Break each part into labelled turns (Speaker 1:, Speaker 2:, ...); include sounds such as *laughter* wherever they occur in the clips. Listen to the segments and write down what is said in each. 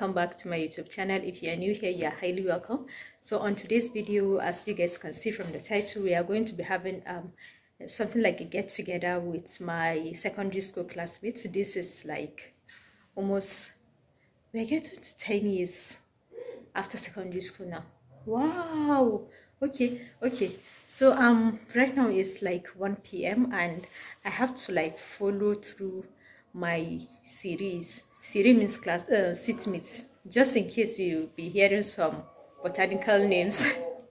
Speaker 1: welcome back to my youtube channel if you are new here you're highly welcome so on today's video as you guys can see from the title we are going to be having um something like a get together with my secondary school classmates this is like almost we're getting to 10 years after secondary school now wow okay okay so um right now it's like 1 p.m and i have to like follow through my series Siri means class, uh, seatmates. Just in case you be hearing some botanical names.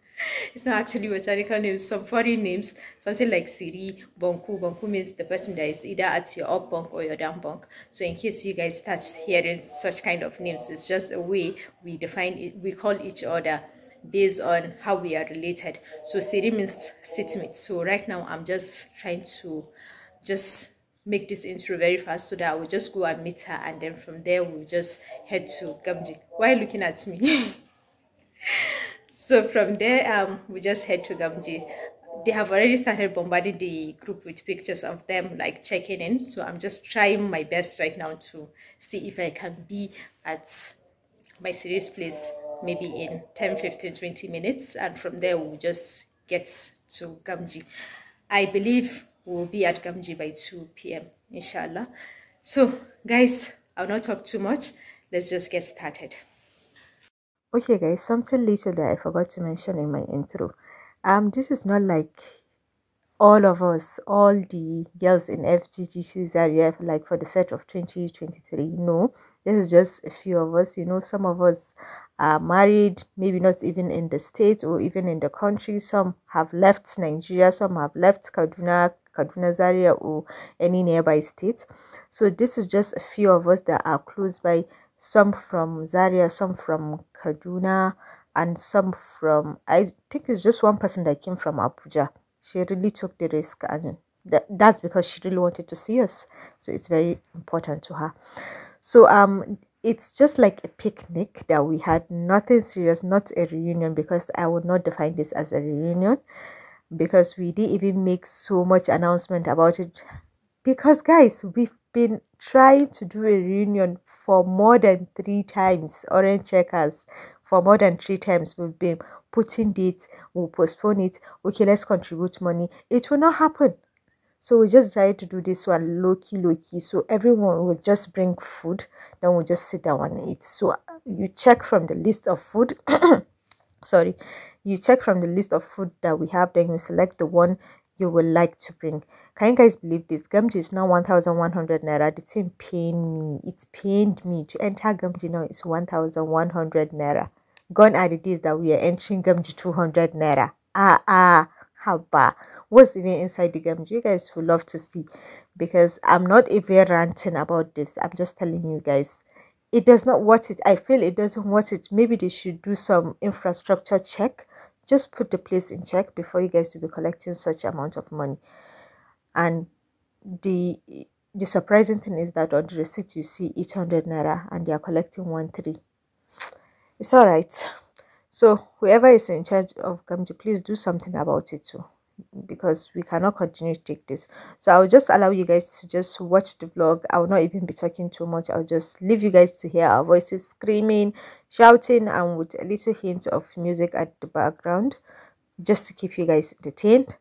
Speaker 1: *laughs* it's not actually botanical names, some foreign names, something like Siri, Bonku. Bonku means the person that is either at your up bunk or your down bunk. So in case you guys start hearing such kind of names, it's just a way we define it, we call each other based on how we are related. So Siri means seatmate. So right now I'm just trying to just make this intro very fast so that I will just go and meet her and then from there we'll just head to Gamji. Why looking at me? *laughs* so from there um we just head to Gamji. They have already started bombarding the group with pictures of them like checking in. So I'm just trying my best right now to see if I can be at my serious place maybe in 10, 15, 20 minutes and from there we'll just get to Gamji. I believe will be at Gamji by 2 p.m. inshallah. So guys, I'll not talk too much. Let's just get started. Okay guys, something little that I forgot to mention in my intro. Um, this is not like all of us, all the girls in FGGC's area. like for the set of 2023. No, this is just a few of us. You know, some of us are married, maybe not even in the States or even in the country. Some have left Nigeria, some have left Kaduna, Kaduna, Zaria, or any nearby state. So this is just a few of us that are close by. Some from Zaria, some from Kaduna, and some from I think it's just one person that came from Abuja. She really took the risk and that, that's because she really wanted to see us. So it's very important to her. So um it's just like a picnic that we had nothing serious not a reunion because i would not define this as a reunion because we didn't even make so much announcement about it because guys we've been trying to do a reunion for more than three times orange checkers for more than three times we've been putting dates we'll postpone it okay let's contribute money it will not happen so we just try to do this one low key, low key. So everyone will just bring food, then we'll just sit down and eat. So you check from the list of food. *coughs* Sorry, you check from the list of food that we have then you select the one you would like to bring can you guys believe this gamji is now 1100 naira the thing pained me it pained me to enter gamji now it's 1100 naira gone are the days that we are entering gamji 200 naira ah ah bad? what's even inside the gamji you guys would love to see because i'm not even ranting about this i'm just telling you guys it does not worth it i feel it doesn't worth it maybe they should do some infrastructure check just put the place in check before you guys will be collecting such amount of money and the the surprising thing is that on the receipt you see 800 naira and they are collecting one three it's all right so whoever is in charge of Gamji, please do something about it too because we cannot continue to take this so i'll just allow you guys to just watch the vlog i'll not even be talking too much i'll just leave you guys to hear our voices screaming shouting and with a little hint of music at the background just to keep you guys entertained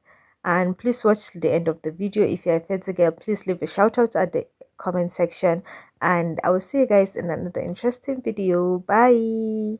Speaker 1: and please watch to the end of the video if you're a fancy girl please leave a shout out at the comment section and i will see you guys in another interesting video bye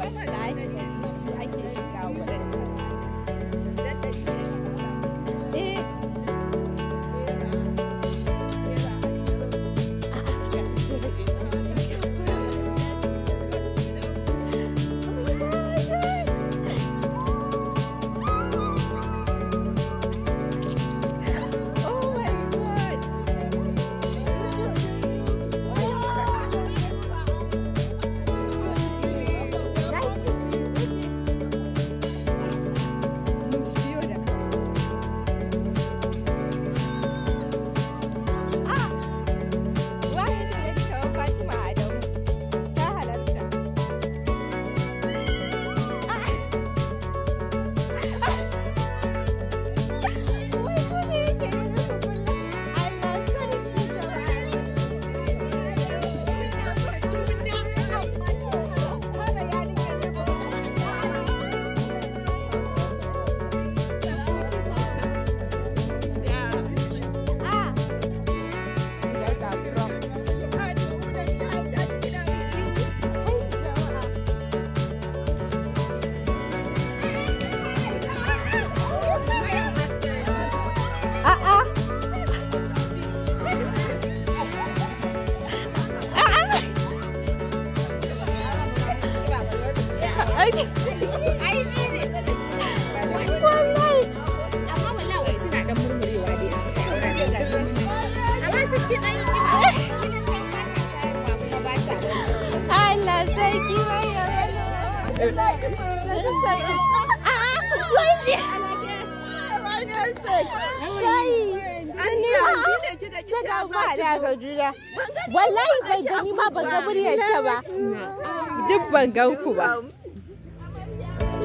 Speaker 2: 来。aiki
Speaker 1: ne wallahi ba bai gani ma ban ga muryarta ba. Duk ban gan ku ba.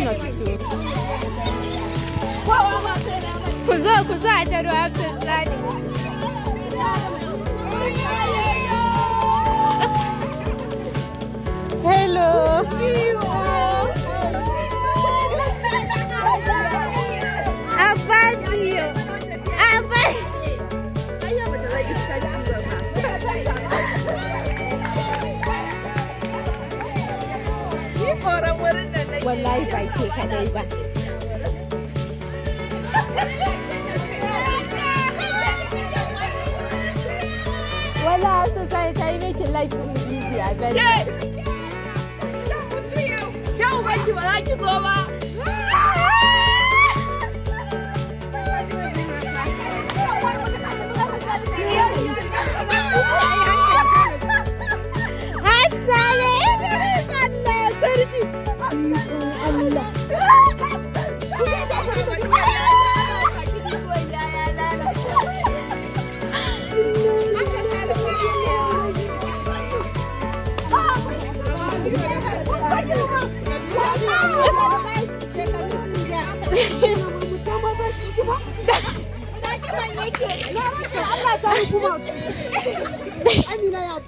Speaker 1: not Kuzo, kuzo, I not have
Speaker 2: Hello. I am wallahi ba ke kadai ba Wala sai ta yi making life easy, I bet. Ke!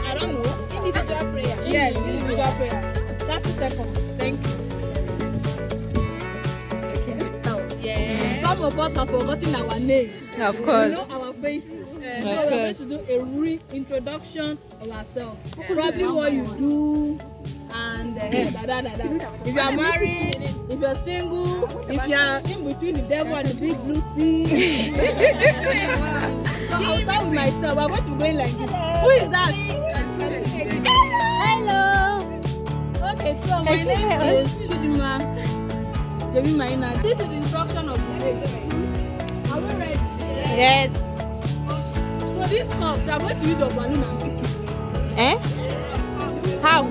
Speaker 2: pray, I don't know. Individual prayer. Yes, individual prayer. 30 seconds. Thank you. Some of us have forgotten our names. Of course. We know our faces. Yeah. So of we're course. going to do a reintroduction of ourselves. Yeah. Probably what you do and uh, da, da, da, da. If you are married, if you are single, if you are in between the devil and the big blue sea. *laughs* so I'll start with myself. I'm going to be like this. Who is that? Okay, so my name is Chidima Jemimaina. This is the instruction of the Are we ready?
Speaker 1: Yes. So
Speaker 2: this cup, I'm going to use the balloon and pick it. Eh? How?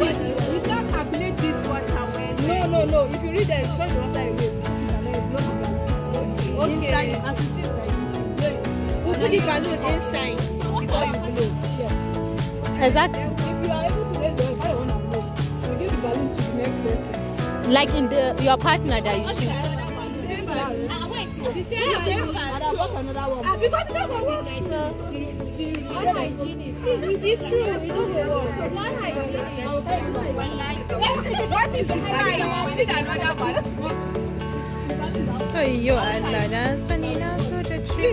Speaker 2: we can't calculate this water No, no, no. If you read the instruction, water away. Okay. Inside, as it put the balloon inside before you blow. Yeah. Exactly. If you are able to raise I want to blow. You give the balloon to the next person.
Speaker 1: Like in the your partner that you choose.
Speaker 2: The same I bought another one. Ah, because it's not going to work. It is true. not What is the hygienic? another one. Oh, you are Sanina, so the tree.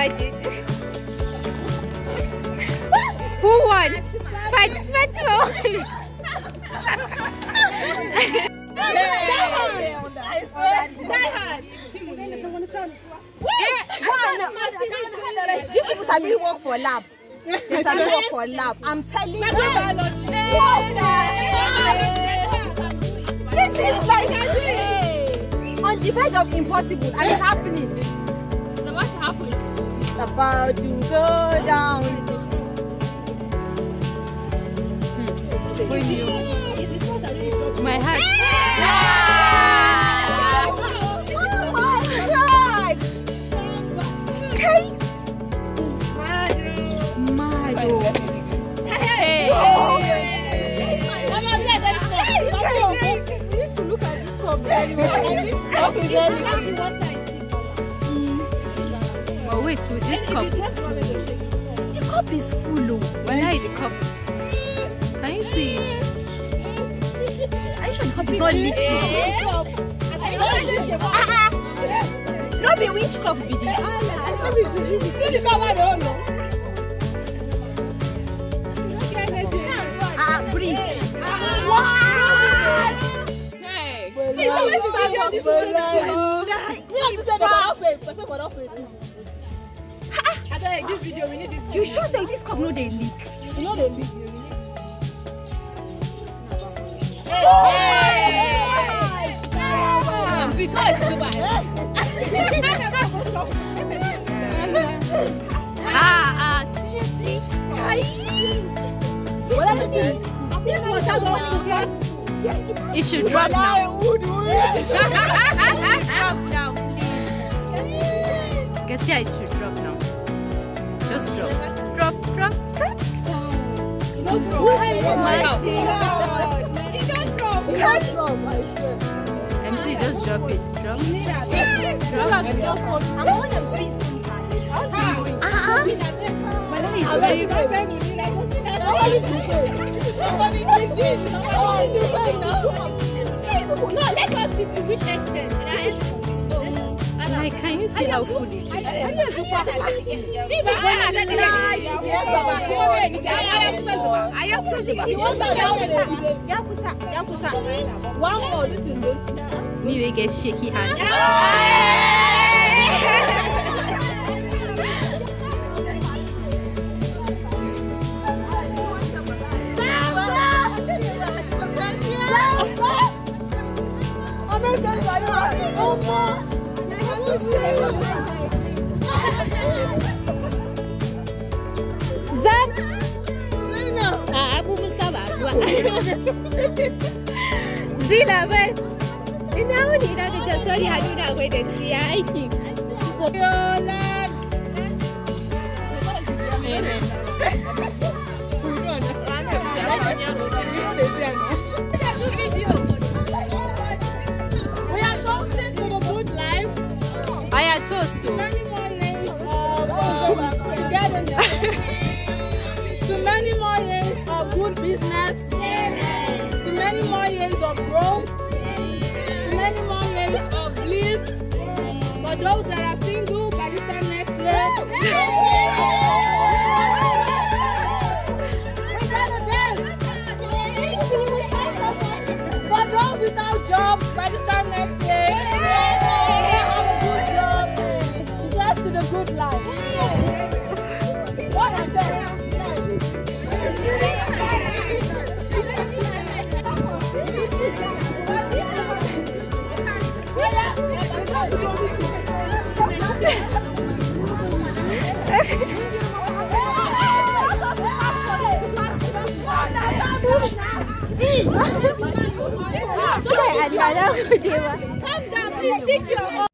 Speaker 2: magic. Who won? Pats, Pats won. These people Samir work for lab. work for lab. I'm telling you. This is like on the verge of impossible and it's happening about to go down. Hmm. My heart. Yeah! you sure say this cup no dey leak. e no dey leak. ah ah seriously. this water go only just. It should drop now. drop now, please. Guess yeah, it should drop now.
Speaker 1: Just drop. Drop, drop, drop.
Speaker 2: No drop. Oh my drop. It drop. MC, just drop it. Drop. Drop. Just I want to see something. Uh-uh. But that is very good. Nobody needs it. Nobody needs it right now. No, let us see to which extent. Like, can you see how food it is? Me,
Speaker 1: we get shaky
Speaker 2: hand. Zach Ah, aku pun sabar buat Zila bai Ina wuni ina gajiya sorry hannuna akwai datti ya aiki Yolan Amen. to to many more years of good business, to many more years of growth, to many more years of bliss. For those that are single, by this time next year. Come down, please pick your